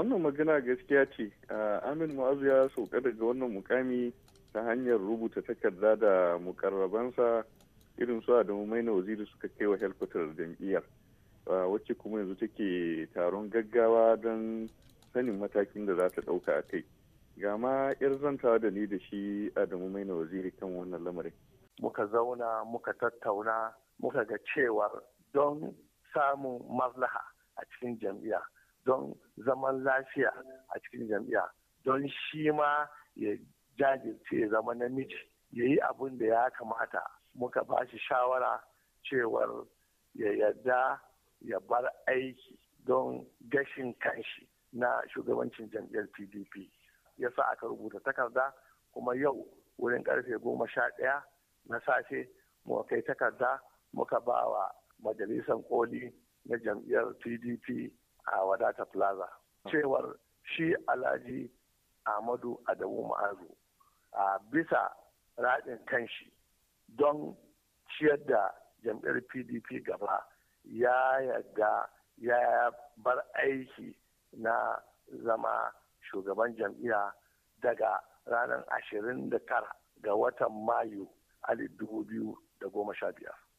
wannan magana gaskiya ce amin ma'azu ya sauka daga wannan mukami ta hanyar rubuta takarda da mukarrabansa irin su adamu na waziri suka kai wa helkwatar jam'iyyar wacce kuma yanzu take taron gaggawa don sanin matakin da za ta ɗauka a kai ga ma yar zantawa da ni da shi adamu na waziri kan wannan lamarin muka zauna muka tattauna muka ga cewa don samun maslaha a cikin jam'iyya don zaman lafiya a cikin jam'iyya don shi ma ya jajirce ya zama namiji ya yi abin da ya kamata muka ba shi shawara cewar ya yarda ya bar aiki don gashin kanshi na shugabancin jam'iyyar pdp ya sa aka rubuta takarda kuma yau wurin karfe goma sha ɗaya na safe muka kai takarda muka ba wa majalisar koli na jam'iyyar pdp a wadata plaza cewar shi alhaji ahmadu adamu ma'azu a bisa raɗin kanshi don ciyar da jam'iyyar pdp gaba ya yarda ya bar aiki na zama shugaban jam'iyya daga ranar 29 ga watan mayu sha 2015